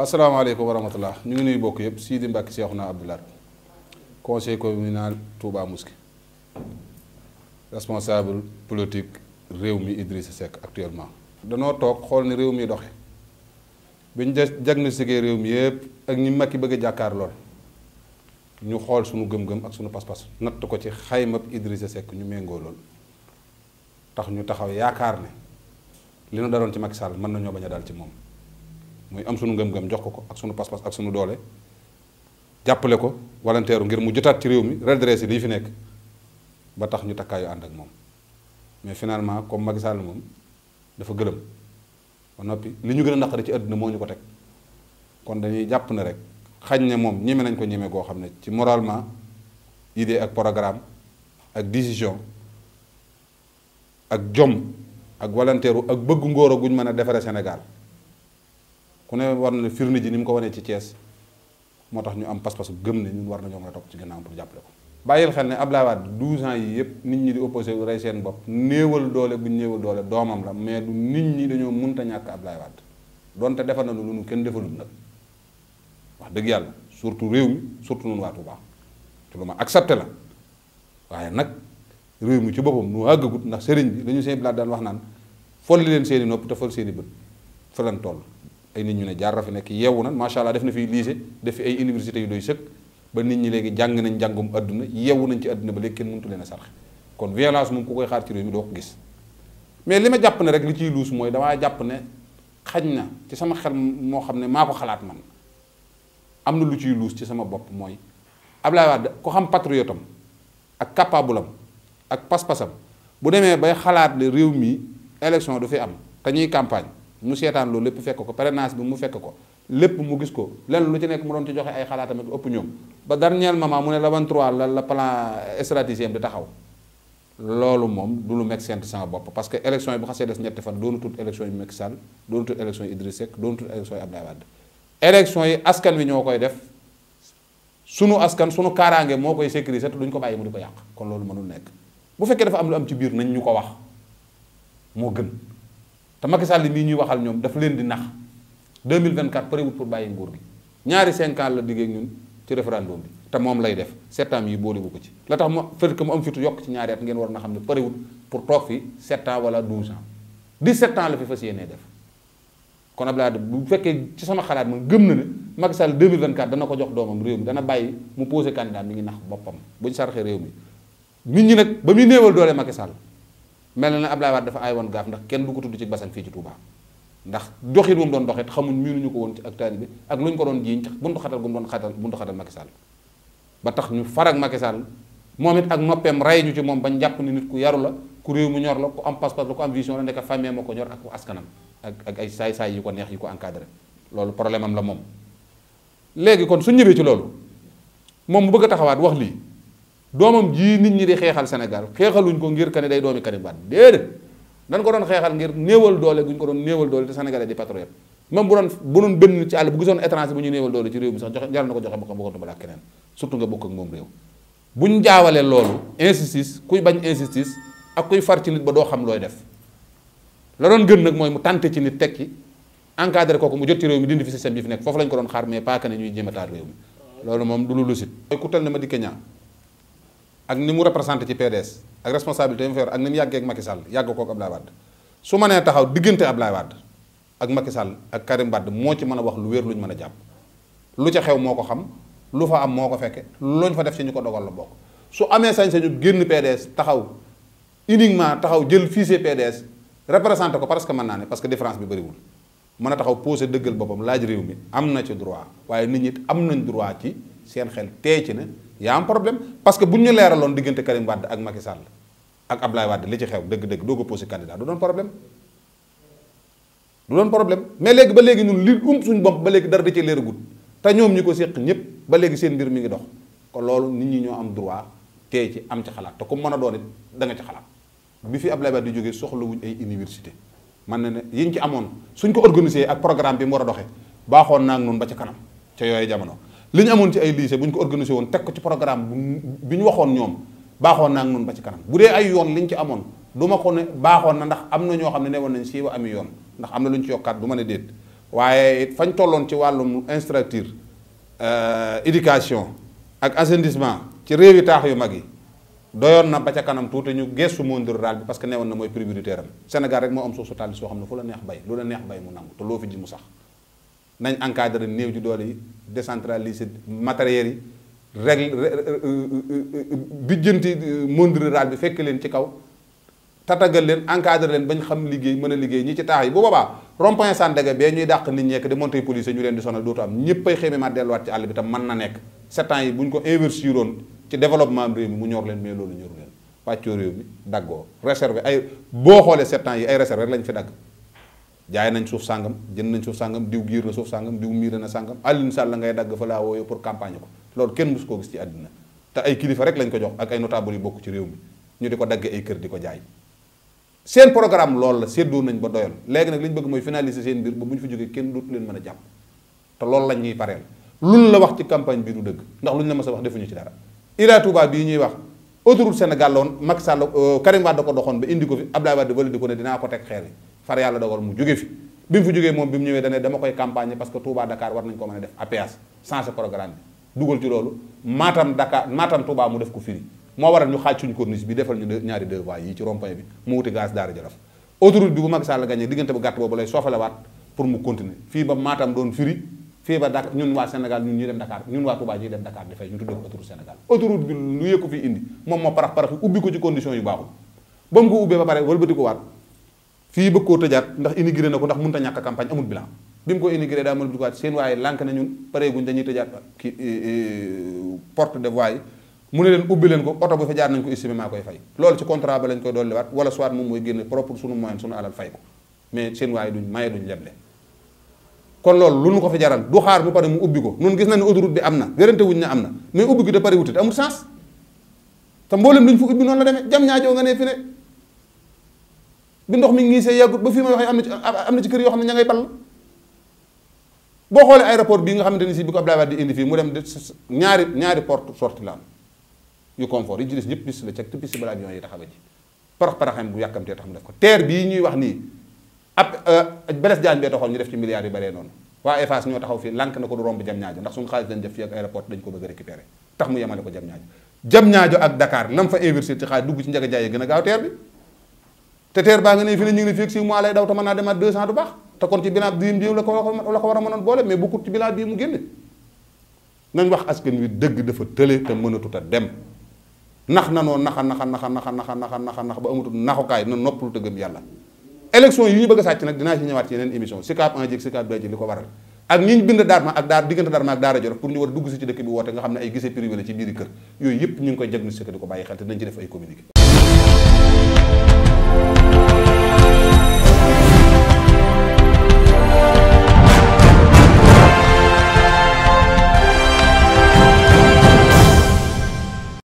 waaw asalaamaaleykum wa rahmatullah ñu ngi nuy bokk yëpp Sidi Mbacke Cheikhouna Abdoulaye conseil communal Touba Mosquée responsable politique réew mi Idrissa Seck actuellement. danoo toog xool ni réew mi doxe bi ñu diagnostiqué réew mi yëpp ak ñi mag yi bëgg a jàkkaar lool ñu xool sunu gëm-gëm ak suñu pas-pas natt ko ci xayma Idrissa Seck ñu méngoo lool tax ñu taxaw yaakaar ne li nu daroon ci Macky Sall mën nañoo bañ a dal ci moom. muy am sunu ngëm-ngëm jox ko ko ak sunu pas-pas ak sunu doole jàppale ko walanteeru ngir mu jotaat ci réew mi redressé lii fi nekk ba tax ñu takkaayu ànd ak moom mais finalement comme Macky Sall moom dafa gëlëm ba noppi li ñu gën a naqari ci àdduna moo ñu ko teg kon dañuy jàpp ne rek xañ ne moom ñeme nañ ko ñeme goo xam ne ci moralement idée ak programme ak décision ak jom ak wallanteeru ak bëgg ngóor guñ mën a defaree Sénégal ku ne war na ne firnde ji ni mu ko wanee ci Thiès moo tax ñu am pas-pasu gëm ne ñun war na mën a topp ci gànnaaw pour jàppale ko bàyyil xel ne Abdoulaye Wade 12 ans yi yëpp nit ñi di opposé wu rey seen bopp néewal doole bu néewal doole doomam la mais du nit ñi dañoo munta ñàkk Abdoulaye Wade donte defal na lu nu kenn defalul nag wax dëgg yàlla surtout réew mi surtout noonu waa Touba te lu ma accepté la waaye nag réew mi ci boppam nu àggagut ndax sëriñ bi dañu seen blaat daan wax naan folli leen seeni nopp te seeni bët fa lan toll ay nit ñu ne jaar fi nekk yeewu na macha allah def na fi lycée def fi ay universités yu doy sëkk ba nit ñi léegi jàng nañ jàngum àdduna yeewu nañ ci àdduna ba léegi kenn mëntu leen a sarxe kon violence moom ku koy xaar ci réew mi doo ko gis mais li ma jàpp ne rek lu ciy luus mooy damaa jàpp ne xañ na ci sama xel moo xam ne maa ko xalaat man am na lu ciy luus ci sama bopp mooy Ablaye Wade ko xam patriotam ak capable am ak pas-pasam bu demee bay xalaat ne réew mi élection du am te campagne mu seetaan loolu lépp fekk ko parrainage bi mu fekk ko lépp mu gis ko lenn lu ci nekk mu doon ci joxe ay xalaat tamit ëpp ñoom ba dernier moment mu ne la 23 la la plan stratégie bi taxaw loolu moom du lu mekk sent sama bopp parce que élection yi bu xasee des ñetti fan doonu tut élection yi Macky Sall doonu tut élection yi Idriss Seck doonu tut élection yi Abdoulaye Wade élection yi askan wi ñoo koy def sunu askan su sunu kaaraange moo koy sécuriser te duñ ko bàyyi mu di ko yàq kon loolu mënul nekk bu fekkee dafa am lu am biir nañ ñu ko wax moo te Macky Sall mii ñuy waxal ñoom dafa leen di nax 2024 pare wut pour bàyyi nguur gi ñaari 5 ans la diggee ñun ci référendum bi te moom lay def 7 ans boo boolewu ko ci. la tax ma fekk mu am fitu yokk ci ñaari at ngeen war a xam ne pare wut pour toog fi 7 ans wala 12 ans 17 ans la fi fas yéenee def kon Abdoulaye bu fekkee ci sama xalaat man gëm na ne Macky Sall 2024 dana ko jox doomam réew mi dana bàyyi mu posé candidat mi ngi nax boppam bu ñu saraxee mi nit ñi nag ba muy néewal doole Macky Sall. mel na ne Ablaye Wade dafa aay woon gaaf ndax kenn du ko tudd ci basan fii ci Touba ndax doxit wu mu doon doxit xamuñ miinuñu ko woon ci ak taalibe ak lu ñu ko doon jiiñ buntu xatal gu mu doon xatal buntu xatal Macky ba tax ñu far ak Macky moom it ak noppeem ray ñu ci moom bañ jàpp ni nit ku yaru la ku réew mu ñor la ku am passeport la ku am vision la nekk famille ma ko ñor ak askanam ak ak ay saay-saay yu ko neex yi ko encadré loolu problème am la moom kon su ñëwee ci loolu moom mu bëgg taxawaat wax lii doomam jii nit ñi di xeexal Sénégal xeexaluñ ko ngir kane day doomi Karim Wade déedéet dañ ko doon xeexal ngir néewal doole gu guñ ko doon néewal doole te Sénégalais di patriote même bu doon bu doon benn ci àll bu gisoon étranger bu ñu néewal doole ci réew mi sax joxe jaral na ko joxe bokkam bokkam ak keneen surtout nga bokk ak moom réew buñ jaawalee loolu injustice kuy bañ injustice ak kuy far ci nit ba doo xam looy def la doon gën nag mooy mu tànte ci nit tekki encadré jot ci réew mi foofu lañ ko doon xaar mais pas a taal réew moom du lu lucide mooy ku tal ne ma dikke ak ni mu représenté ci PDS ak responsabilité yi mu feer ak ni mu yàggee ak Macky yàgg kook Abdoulaye Wade su ma nee taxaw diggante Abdoulaye Wade ak Macky Sall ak Karim Wade moo ci mën a wax lu wér lu ñu mën a jàpp lu ca xew moo ko xam lu fa am moo ko fekke ñu fa def ci ñu ko dogal la bokk su amee sañ-sañu génn PDS taxaw uniquement taxaw jël fichier PDS représenté ko parce que mën naa ne parce que différence bi bëriwul mën a taxaw posé dëggal boppam laaj réew mi am na ci droit waaye nit ñi am nañ droit ci seen xel tey ci yaa am problème parce que bu ñu leeraloon diggante Karim Wade ak Macky Sall ak Ablaye Wade li ci xew dëgg-dëgg doo ko posé candidat du doon problème du doon problème mais léegi ba léegi ñun li um suñ bopp ba léegi dara da ci leeragut te ñoom ñi ko séq ñëpp ba léegi seen mbir mi ngi dox ko loolu nit ñi ñoo am droit tey ci am ci xalaat te ku mën a doon it da nga ci xalaat bi fi Ablaye Wade di jógee soxlawuñ ay université man na ne yiñ ci amoon suñ ko organisé ak programme bi mu a doxee baaxoon naa noonu ba ci kanam ca yooyu jamono. li ñu amoon ci ay lycée bu ñu ko organisé woon teg ko ci programme bi ñu waxoon ñoom baaxoon naa ak noonu ba ci kanam bu dee ay yoon liñ ci amoon du ma ko ne baaxoon na ndax am na ñoo xam ne newoon nañ siiwa ami yoon ndax am na lu ñu ci yokkaat du ma ne déet waaye it fañ tolloon ci wàllum infrastructure euh, éducation ak assainissement ci réewi taax yu mag yi doyoon na ba ca kanam tuuti ñu gestu monde rural bi parce que newoon na mooy prioritaire am Sénégal rek moo am suuf su tàlli soo xam ne fu la neex bay lu la neex mu nangu loo fi ji mu nañ encadré néew ji doole décentraliser matériel yi règle bijjanti monde rural bi fekk leen ci kaw tatagal leen encadré leen bañ xam liggéey mën a liggéey ñi ci taax yi bu boobaa rond-point Sandaga bee ñuy dàq nit ñekk de monté police ñu leen di sonal dootu am ñëpp ay xéeme ma delluwaat ci àll bi tam mën na nekk sept yi bu ñu ko investir woon ci développement réew mi mu ñor leen mais loolu ñoru leen pàccoo réew mi daggoo réservé ay boo xoolee sept yi ay réservé rek lañ fi dagg jaay nañ suuf sàngam jënd nañ suuf sàngam diw giir na suuf sàngam diw miir na sàngam Alioune Sall ngay dagg fa laa wooyo pour campagne ko loolu kenn mus koo gis ci àddina te ay kilifa rek lañ ko jox ak ay notable yu bokk ci réew mi ñu di ko dagg ay kër di ko jaay seen programme loolu la séddoo nañ ba doyal léegi nag li bëgg mooy finaliser seen mbir ba bu ñu fi jógee kenn dootu leen mën a jàpp te loolu lañ ñuy pareel lu la wax ci campagne bi du dëgg ndax luñ la mas a wax defuñu ci dara Ila Touba bii ñuy wax autoroute Sénégal la woon Macky Sall euh, Karim Wade da ko doxoon indi ko fi Abdoulaye Wade valide dinaa ko teg xeer far yàlla dogal mu jóge fi bi mu fi jógee moom bi mu ñëwee dane dama koy campagne parce que Touba Dakar war nañ ko mën a def APS changé programme bi dugal ci loolu Matam Dakar Matam Touba mu def ko firi moo waral ñu xaaj suñ corniche bi defal ñu ñaari deux yi ci rond bi mu wuti gaz daara Jolof autoroute bi bu Macky Sall gagné diggante bu gàtt boobu lay soofalewaat pour mu continuer fii ba Matam doon firi fii ba Dakar ñun waa fii bëgg koo tëjaat ndax inauguré na ko ndax mënut a ñàkk campagne amul bilan bi mu ko inauguré daa mën eh, eh, ko oto bu fa jaar nañ ko estimé maa koy fay loolu ci contrat ba lañ koy dolliwaat wala soit moom loolu lu nu ko fa jaral xaar bu pare mu ubbi ko noonu gis na wérante na mais ubbi gi da pare wutit amul la demee jam ñaajoo nga ne fi ne bi ndox mi ngi see yàggut ba fi may waxee am na ci am na ci kër yoo xam ne ña ngay ball boo xoolee aéroport bii nga xamante ni si bi ko Abdoulaye Wade di indi fii mu dem ñaari ñaari porte sortie la am yu confort yi ci des ñëpp piste la ceg te piste bala avion yi taxaw ci parax paraxam bu yàkkamtee tax mu def ko terre bii ñuy wax nii ab euh, Blaise Diagne bee taxoon ñu def ci milliards yu baree noonu waa EFAS ñoo taxaw fii lànk na ko du romb jam ñaajo ndax suñu xaalis dañ def fii ak aéroport dañ ko bëgg a récupérer tax mu yemale ko jam ñaajo ci xaalis dugg a gaaw teer te teer baa nga ne fi ne ñu ngi ne fii ak 6 mois lay daw te mën naa demaat 200 du baax te kon ci bilan bii bii la ko la war a mënoon boole mais bokkut ci bilan bii mu génne nañ wax askan wi dëgg dafa tële te mënatut a dem nax na noo naxa naxa naxa naxa naxa naxa naxa nax ba amatul naxukaay na noppalu te gëm yàlla élection yi ñu bëgg a sàcc nag dinaa ci ñëwaat yeneen émission SICAP 1 jeeg SICAP 2 li ko waral ak ñi ñu bind daar a dugg si ci Thank you